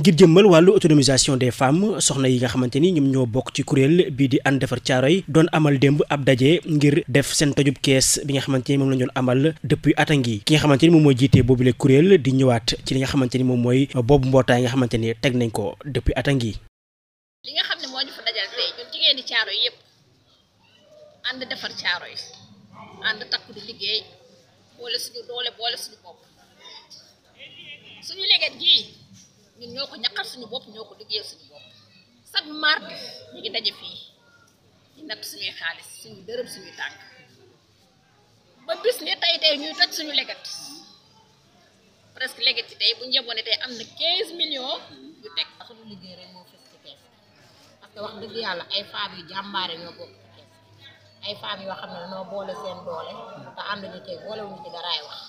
ngir jëmmal wàllu autonomisation des femmes soxna yi nga xamante ni ñoom ñoo bokk ci kuréel bii di ànd defar yi doon amal démb ab daje ngir def seen tojub kees bi nga xamante ni moom la ñu doon amal depuis at a ngi ki nga xamante ni moom mooy jiitee boobule kuréel di ñëwaat ci li nga xamante ni moom mooy boobu mbootaay nga xamante ni teg nañ ko depuis at a ngi yi ñun ñoo ko ñaqal suñu bopp ñoo ko liggéeyal suñu bopp chaque mardi ñu ngi daje fii ñu natt suñuy xaalis suñu dërëm suñuy tànk ba bis ni tey tey ñuy toj suñu leget presque leget yi tey bu ñu yeboone tey am na 15 millions yu teg suñu liggéey rek que wax dëgg yàlla ay femmes yu jàmbaare ñoo bokk ay femmes yoo xam ne dañoo boole seen doole te ànd ñu tey boolewuñu ci daraay wax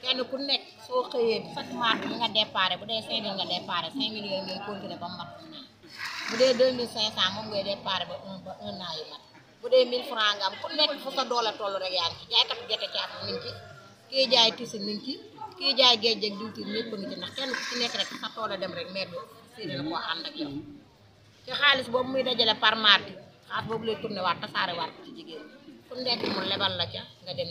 kenn ku nekk. soo xëyee chaque mois bi nga déparé bu dee cinq mille nga déparé cinq mille yooyu ngay ba mu mat un an bu dee deux mille cinq cent moom ngay déparé ba un ba un mat bu dee mille franc nga am ku nekk fu sa doole toll rek yaa ngi jaay tisi mi ngi ci kii jaay géej ak diwtiir ñëpp ci ndax kenn ku nekk rek sa tool dem rek maire bi séddé la koo ànd ak yow ci xaalis boobu muy dajale par mardi xaalis boobu lay tourné waat tasaare waat ci jigéen ku nekk mu lebal la nga dem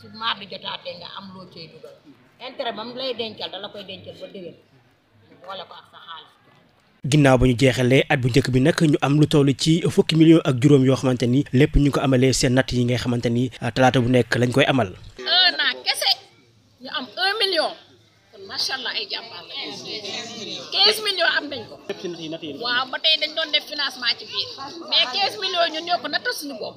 su maa bi jotaatee nga am loo cay dugal intérêt ba mu lay dencal dala koy dencal ba déwén boole ginnaaw ba ñu jeexalee at bu njëkk bi nag ñu am lu toll ci fukki million ak juróom yoo xamante ni lépp ñu ko amalee seen natt yi ngay xamante ni ah, talaata bu nekk lañ koy amal. un an kese ñu am un million am nañ ko. waaw ba tey dañ doon def financement ci biir mais 15 millions ñun ñoo ko natt suñu bopp.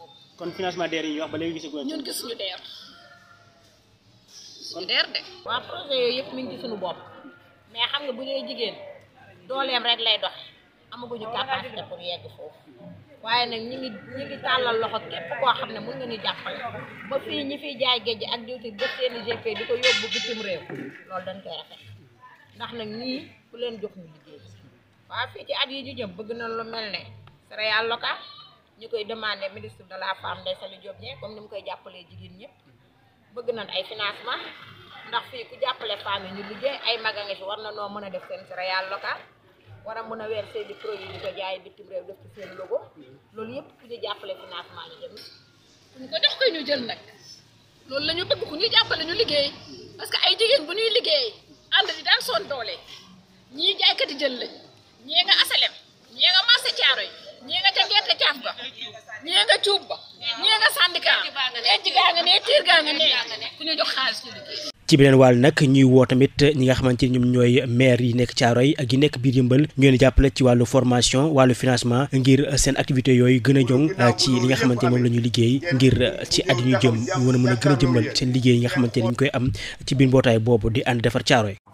kon financement DER yi wax ba gis gisaguñu. ñun gisuñu DER. kon DER de. waaw projet yooyu yëpp mi ngi suñu bopp mais xam nga bu dee jigéen dooleem rek lay dox amaguñu capacité pour yegg waaye nag ñi tàllal loxo képp koo xam ne mën nga ñu jàppale ba fii ñi fiy jaay géej ak diwtir ba seeni GP di ko yóbbu bitim réew loolu dañ koy rafet ndax nag ñii ku leen jox ñu liggéey waaw fii ci at yi ñu jëm bëgg na lu mel ne céréales locales ñu koy demandé ministre de la femme Ndèye Saly Diop comme ni mu koy jàppalee jigéen ñëpp bëgg nañ ay financement ndax fii ku jàppale femme yi ñu liggéey ay mag a ngi war na noo mën a def seen céréale locale war a mën a weer seen i produit di ko jaay bitim réew def ci seen logo loolu yëpp ku ñu jàppale financement ñu jëm ñu ko jox koy ñu jël nag loolu la bëgg ku ñu jàppale ñu liggéey parce que ay jigéen bu ñuy liggéey ànd di daan soon doole ñii jaaykati jël lañ yi ñii nga ca gerte ñu jox xaalis ci beneen wàll nag ñuy woo tamit ñi nga xamante ñoom ñooy maire yi nekk Caaroy ak yi nekk biir yëmbal ñu leen jàppale ci wàllu formation wàllu financement ngir seen activité yooyu gën a ñoŋ uh, ci li nga xamante ni moom la liggéey ngir uh, ci at jëm ñu mën a mën a gën a jëmbal seen liggéey yi nga xamante ni ñu koy am ci biir mbootaay boobu di ànd defar Caaroy